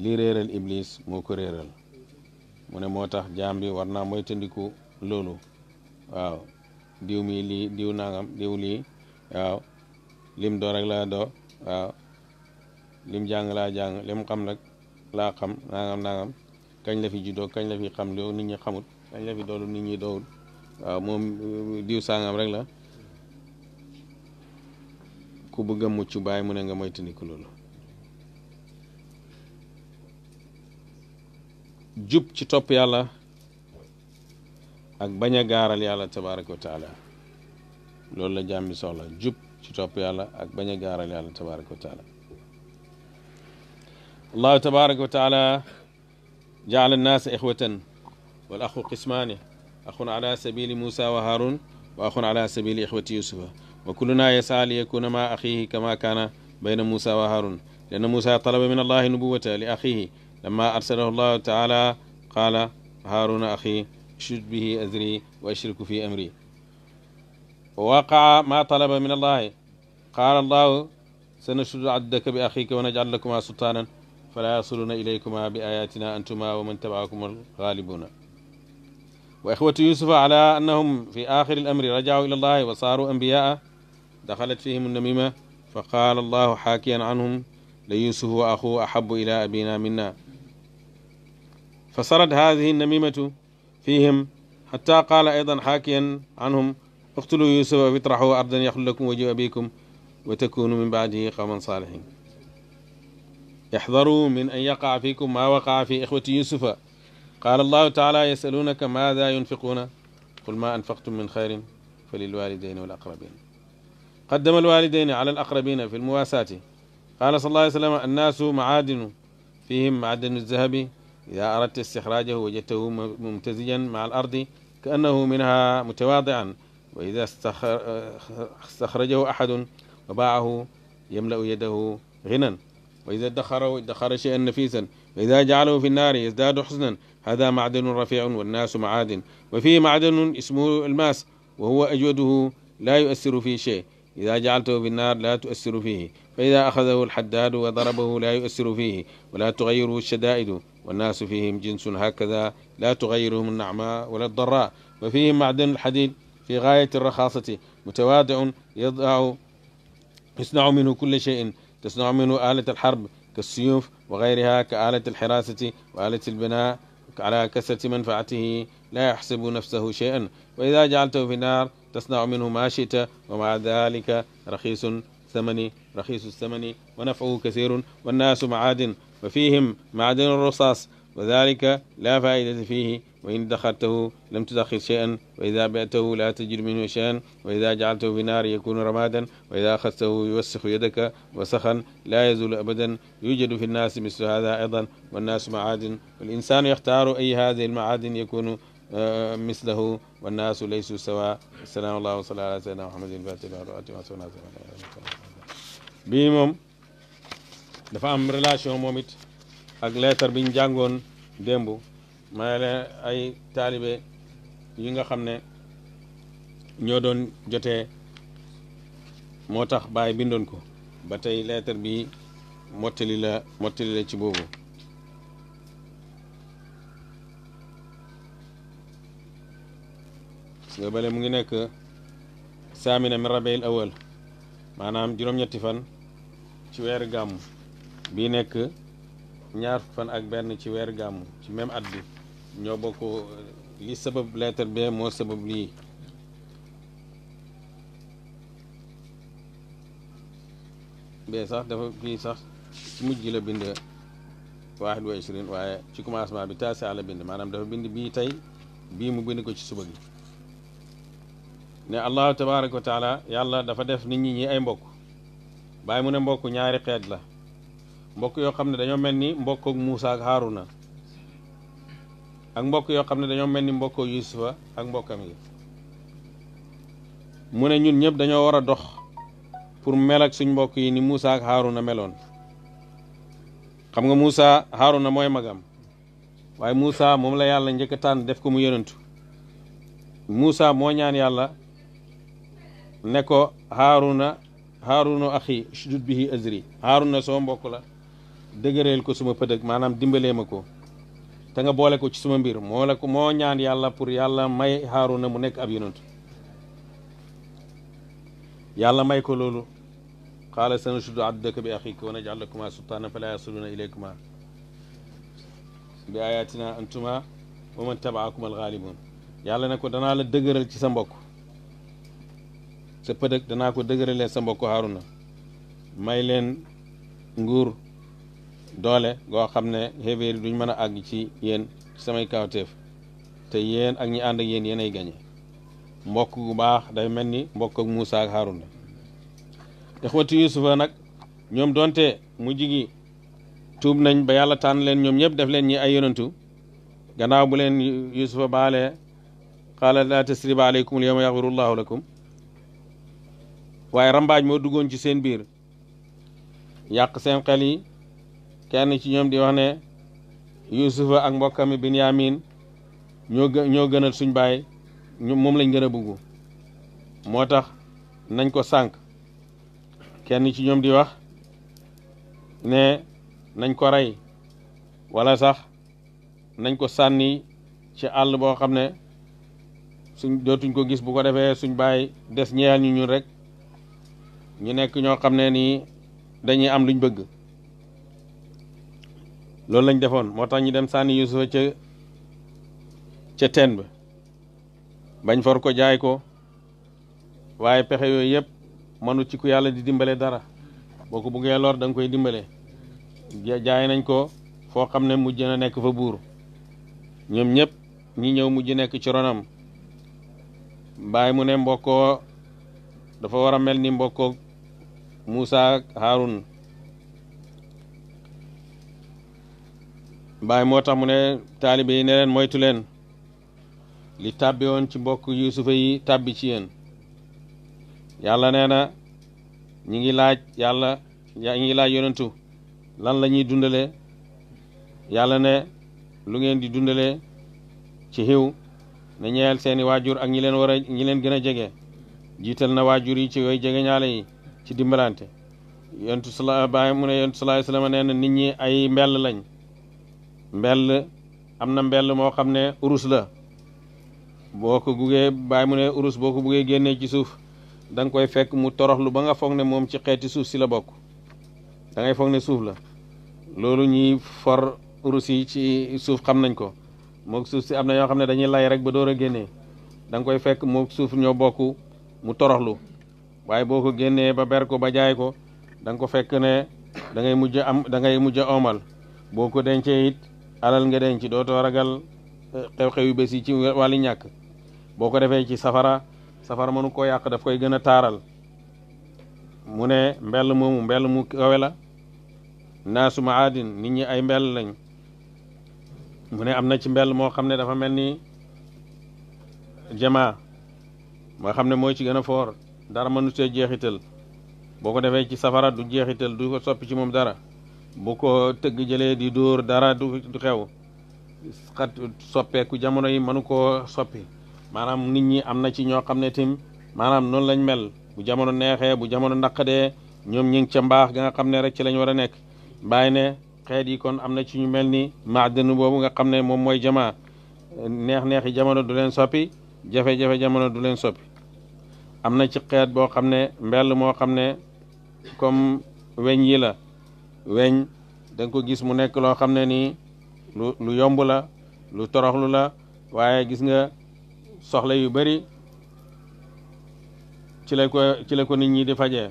li réeral iblis moo ko réeral mu ne moo tax jaam bi war naa moytandiku loolu waaw diw mi lii diw nangam diw lii waaw lim doo rek la doo waaw lim jàng laa jàng lim xam rek laa xam nangam nangam kañ la fi juddoo kañ la fi xam loolu nit ñi xamut kañ la fi doolu nit ñi doowul waaw moom euh, diw sangam rek la ku bëgg a mucc bàyyi mu ne nga moytandiku loolu jub ci topp yàlla ak bañ a gaaral yàlla tabaraka wa taala loolu la jàmbi soxla jub ci topp yàlla ak bañ a gaaral yàlla tabaraka wa taala allahu tabaraka wa taala jaala annaasa ixwatan wal axu qismaani axun ala sabili muusa wa haarun wa axun ala sabili ixwati yusufa wa kulluna yasaa li yakuna maa axihi kama kaana bayna muusa wa haarun lianna muusa talaba min allahi nubuwata li axihi lama arsalahu llahu taala qaala haaruna axi shud bihi azri wa ashriku fi amri waqaa maa talaba min allahi qaala allahu sanashudu addaka bi axika wa najcal lakuma sultaanan fala yasiluna ilaykuma bi ayatina antuma wa man tabacakum alxaalibuuna wa ixwatu yusufa ala annahum fi axiri alamri rajacuu ila allahi wa saaru ambiyaa daxalat fihim namima fa qaala allahu xaakiyan canhum la yusufu wa axuu axabu ila abina minna fa sarat hadihi namimatu fihim xata qaala aydan xaakiyan anhum uxtulu yusufa aw itraxu ardan yaxlu lakum wajhu abikum wa takunu min baadihi qawman saalihin ixdaru min an yaqaa fikum maa waqaa fi ixwati yusufa qaala allahu taala yasalunaka maada yunfiquuna qul maa anfaqtum min xayrin fa lilwalidaini wal aqrabin qaddama alwalidaini ala alaqrabina fi lmuwaasaati qaala sallallahu alayhi wa sallam annaasu macaadinu fihim macdanu zahabi إذا أردت استخراجه وجدته ممتزجا مع الأرض كأنه منها متواضعا وإذا استخرجه أحد وباعه يملأ يده غنى وإذا ادخره ادخر شيئا نفيسا وإذا جعله في النار يزداد حسنا هذا معدن رفيع والناس معادن وفيه معدن اسمه الماس وهو أجوده لا يؤثر فيه شيء إذا جعلته في النار لا تؤثر فيه فإذا أخذه الحداد وضربه لا يؤثر فيه ولا تغيره الشدائد والناس فيهم جنس هكذا لا تغيرهم النعماء ولا الضراء وفيهم معدن الحديد في غاية الرخاصة متوادع يضع يصنع منه كل شيء تصنع منه آلة الحرب كالسيوف وغيرها كآلة الحراسة وآلة البناء على كثرة منفعته لا يحسب نفسه شيئا وإذا جعلته في النار تصنع منه ما شئت ومع ذلك رخيص الثمن رخيص الثمن ونفعه كثير والناس معادن fa fihim maadanu rosaas wa dalika laa faidata fihi wa in daxartahu lam tudaxir cheyan wa ida batahu laa tajid minhu cheyan wa ida jacaltahu fi naar yakunu ramadan wa ida axastahu yuwassixu yadaka wa saxan laa yazulu abadan yujadu fi nnaasi mislu hada aidan wannaasu macaadin walinsanu yaxtaaru ay hadihi almacaadin yakunu uh, mislahu wannaasu laysu sawa salaam allah wasala ala sayidina muhammadin fatih bii moom dafa am relation moom it ak leetar bi ñu jàngoon démb may ay taalibe yu nga xam ne ñoo doon jotee moo tax Baay bindoon ko ba tey leetar bi mottali la mottali ci boobu nga bale mu ngi nekk saamine mi rabiil awal maanaam juróom-ñetti fan ci weeru gàmmu bii nekk ñaar fan ak benn ci weer gàmmu ci même at bi ñoo bokk li sabab lettre bi moo sabab lii bee sax dafa bii sax ci mujj la bind waaxid wa waaye ci commencement bi taasi la bind maanaam dafa bind bii tey bii mu bind ko ci suba gi ne allahu tabaraka wa yàlla dafa def nit ñi ñi ay mbokk bàyyi mu ne mbokk ñaari xeet la mbokk yoo xam ne dañoo mel ni mbokkook ak Muusa ak ak mbokk yoo xam ne dañoo mel ni mbokk ak ak mbokkam yi mu ne ñun ñëpp dañoo war a dox pour mel suñ mbokk yi ni Muusa ak Haaruna meloon xam nga Muusa Haaruna mooy magam waaye Muusa moom la yàlla njëkk a tànn def ko mu yonantu Muusa moo ñaan yàlla ne ko Haaruna Haaruna axi shudud bihi azri Haaruna soo mbokk la dëgëreel ko suma pëdëg maanaam dimbalee ma ko te nga boole ko ci suma mbir moo la ko moo ñaan yàlla pour yàlla may Haaruna mu nekk ab yonent yàlla may ko loolu qaala sanashuddu abdaka bi axika wa najal lakuma sultaanan fala yasiluna ilaykuma bi ayatina antuma wa man tabaakum alxaalibuun yàlla ne ko danaa la dëgëral ci sa mbokk sa pëdëg danaa ko dëgëralee sa mbokk Haaruna may leen nguur doole goo xam ne xéeféer yi duñ mën a àgg ci yéen samay kawteef te yéen ak ñi ànd ak yéen yéen ay gañe mbokk gu baax day mel ni mbokk ak Moussa ak Haroun la ixwati yusufa nag ñoom donte mu jigi tuub nañ ba yàlla tànn leen ñoom ñëpp def leen ñi ay yonantu gannaaw bu leen yusufa baalee qaala laa tasriba aleykum alyawma yaxfiru llahu lakum waaye rambaaj moo duggoon ci seen biir yàq seen xel kenn ci ñoom di wax ne yusufa ak mbokkami binyamin ñoo ñoo gënal suñ baay moom lañ gën a bëggu moo tax nañ ko sànq kenn ci ñoom di wax ne nañ ko rey wala sax nañ ko sànni ci àll boo xam ne suñ dootuñ ko gis bu ko defee suñ bàyyi des ñeyal ñu ñun rek ñu nekk ñoo xam ne nii dañuy am luñ bëgg loolu lañ defoon moo tax ñu dem sànni Yuusufa ca ca teen ba bañ for ko jaay ko waaye pexe yooyu yëpp mënu ci ku yàlla di dimbale dara boo ko buggee lor da koy dimbale jaay nañ ko foo xam ne mujj na nekk fa buur ñoom ñëpp ñi ñëw mujj nekk ci ronam mbaay mu ne mbokkoo dafa war a mel ni mbokkook musaa ak Haarun Baay moo tax mu ne taalibe yi ne leen moytu leen li tàbbi woon ci mbokk yuusufa yi tàbbi ci yéen yàlla nee na ñi ngi laaj yàlla ñi ngi laaj yonentu lan la ñuy dundale yàlla ne lu ngeen di dundale ci xiw na ñeel seeni waajur ak ñi leen war ñi leen gën a jege jiital na waajur yi ci yooyu jege ñaale yi ci dimbalante yonentu salaa baay mu ne yonentu sallallahu alayhi wasallam nee na nit ñi ay mbell lañ mbell am na mbell moo xam ne urus la boo ko buggee bàyyi mu ne urus boo ko buggee génnee ci suuf da nga koy fekk mu toroxlu ba nga foog ne moom ci xeeti suuf si la bokk da ngay foog ne suuf la loolu ñuy for urus yi ci suuf xam nañ ko mook suuf si am na ñoo xam ne dañuy lay rek ba door a génnee danga koy fekk mook suuf ñoo bokk mu toroxlu waaye boo ko génnee ba ber ko ba jaay ko da nga ko fekk ne da ngay mujj am da ngay mujj omal boo ko dencee it alal nga denc dootoo ragal eh, xew-xew yu bés yi ci wàllu ñàkk boo ko defee ci safara safara mënu koo yàq daf koy gën a taaral mu ne mbel moomu mbel mu kawe la naasu maadin nit ñi ay mbel lañ mu ne am na ci mbel moo xam ne dafa mel ni jamaa moo xam ne mooy ci gën a foor dara mënu see jeexital boo ko defee ci safara du jeexital du ko soppi ci moom dara bu ko tëgg jëlee di dóor dara du xew xat soppeeku jamono yi mënu koo soppi maanaam nit ñi am na ci ñoo xam ne tim maanaam noonu lañ mel bu jamono neexee bu jamono de ñoom ñu ngi ca mbaax ga nga xam ne rek ci lañ war a nekk bàyyi ne xeet yi kon am na ci ñu mel ni maadanu boobu nga xam ne moom mooy jamaa neex-neexi jamono du leen soppi jafe-jafe jamono du leen soppi am na ci xeet boo xam ne mbell moo xam ne comme weñ yi la weñ da ko gis mu nekk loo xam ne nii lu lu yomb la lu toroxlu la waaye gis nga soxla yu bari ci la ko nit ñi di fajee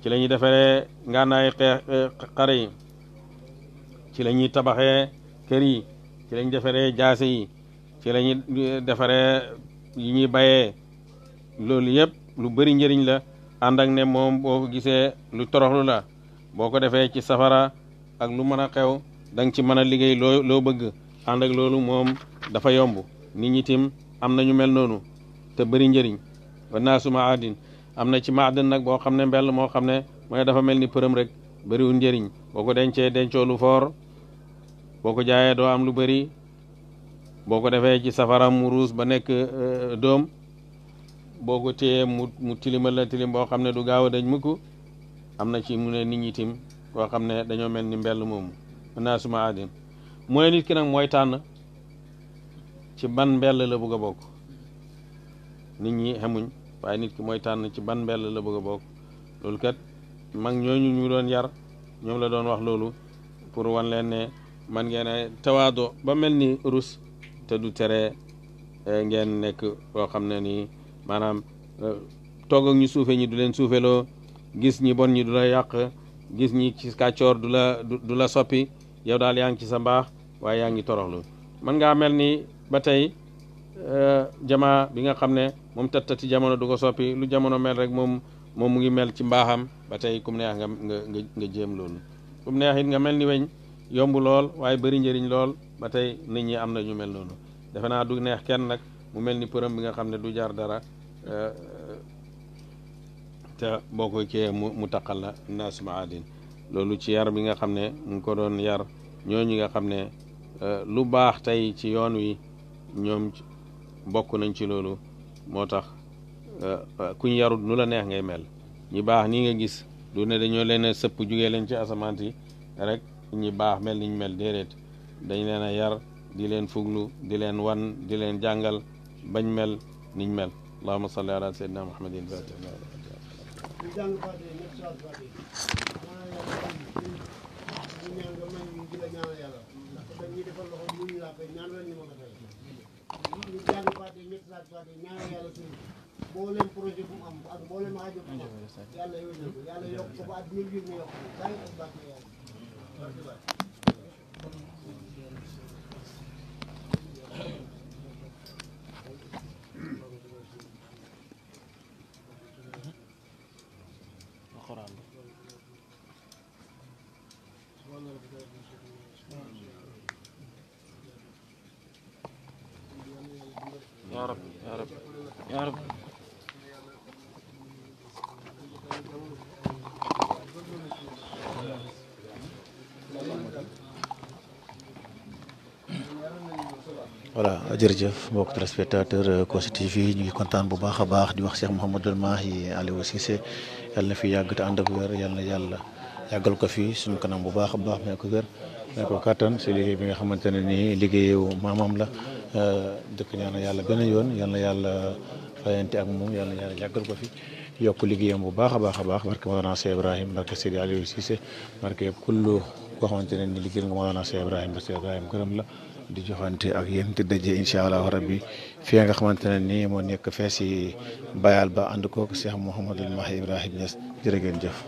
ci la ñuy defaree ngànnaay e, xare yi ci la ñuy tabaxee kër yi ci la ñuy defaree jaase yi ci la ñuy e, defaree yi ñuy bayee loolu yëpp lu bari njëriñ la ànd ak ne moom boo gisee lu toroxlu la boo ko defee ci safara ak lu mën a xew da ci mën a liggéey loo bëgg ànd ak loolu moom dafa yomb nit ñi tim am na ñu mel noonu te bari njëriñ wa naasu maadin am na ci maadin nag boo xam ne mbell moo xam ne mooy dafa mel ni përëm rek bëriwul njëriñ boo ko dencee dencoo lu foor boo ko jaayee doo am lu bari boo ko defee ci safara mu ruus ba nekk euh, doom boo ko téyee mu mu tilima la tilim boo xam ne du gaaw a dañ mukk am na ci mu ne nit ñi tim xam ne dañoo mel ni mbel moomu naa addin mu ne nit ki nag mooy tànn ci ban mbel la bëgg a bokk nit ñi xamuñ waaye nit ki mooy tànn ci ban mbel la bëgg a bokk loolu kat mag ñooñu ñu doon yar ñoom la doon wax loolu pour wan leen ne man ngeen a tawaado ba mel ni rus te du tere eh, ngeen nekk loo xam ne nii maanaam eh, togg ak ñu suufe ñi du leen suufeloo gis ñi bon ñi du la yàq gis ñi ci kàccoor du la du la soppi yow daal yaa ngi ci sa mbaax waaye yaa ngi toroxlu mën ngaa mel ni ba tey euh, jamaa bi nga xam ne moom tattati jamono du ko soppi lu jamono mel rek moom moom mu ngi mel ci mbaaxam ba tey kum neex nga nga nga jéem loolu kum neex it nga mel ni weñ yomb lool waaye bari njëriñ lool ba tey nit ñi am na ñu mel noonu defe naa du neex kenn nag mu mel ni përëm bi nga xam ne du jar dara euh, te boo ko kiiyee mu mu taqal la naasuma aadin loolu ci yar bi nga xam ne mu ngi ko doon yar ñooñu nga xam ne euh, lu baax tey ci yoon wi ñoom bokk nañ ci loolu moo tax euh, euh, kuñ yarut nu la neex ngay mel ñi baax nii nga gis du ne dañoo leen a sëpp jugee leen ci asamaan yi rek ñi baax mel niñ mel déedéet dañ leen a yar di leen fuglu di leen wan di leen jàngal bañ mel niñ mel allahuma salli ala sayyidina muhammadin fatih jàng fàtte yi ñetti saat fàtte yi ñaanal yàlla ñu ñaan nga may ñu di la ñaanal yàlla ndax dañuy defal loxo mu ñu laa koy ñaanal ñu ma ko defal ñu jàng fàtte yi ñetti saat fàtte yi ñaanal yàlla suñu mboolem projet bu mu am ak mboolem aajo bu mu am yàlla yooyu na ko yàlla yokk ko ba àdduna bi mu yokk ko saa yu ko bàkkee yàlla jërëjëf mbokk téléspectateur euh, Kossy TV ñu ngi kontaan bu baax a baax di wax Cheikh Mouhamadul Mahi Aliou Cissé yàlla na fi yàgg te ànd ak wér yàlla na yàlla yàggal ko fi suñu kanam bu baax a baax may ko wér may ko kàttan si liggéey bi nga xamante ne nii liggéeyu maamam la euh, dëkk ñaan yàlla benn yoon yàlla na yàlla fayante ak moom yàlla na yàlla yàggal ko fi yokk liggéeyam bu baax a baax a baax ma Mawlana Cheikh Ibrahim barke Seydi Aliou Cissé barke kullu koo xamante ne nii liggéey nga Mawlana Cheikh Ibrahim ba Cheikh Ibrahim gërëm la di joxante ak yéen di daje incha allahu rabbi fii nga xamante ne nii moo nekk fees si bayal ba ànd kook Cheikh Mouhamadul Mahi Ibrahim Niass jërë ngeen jëf.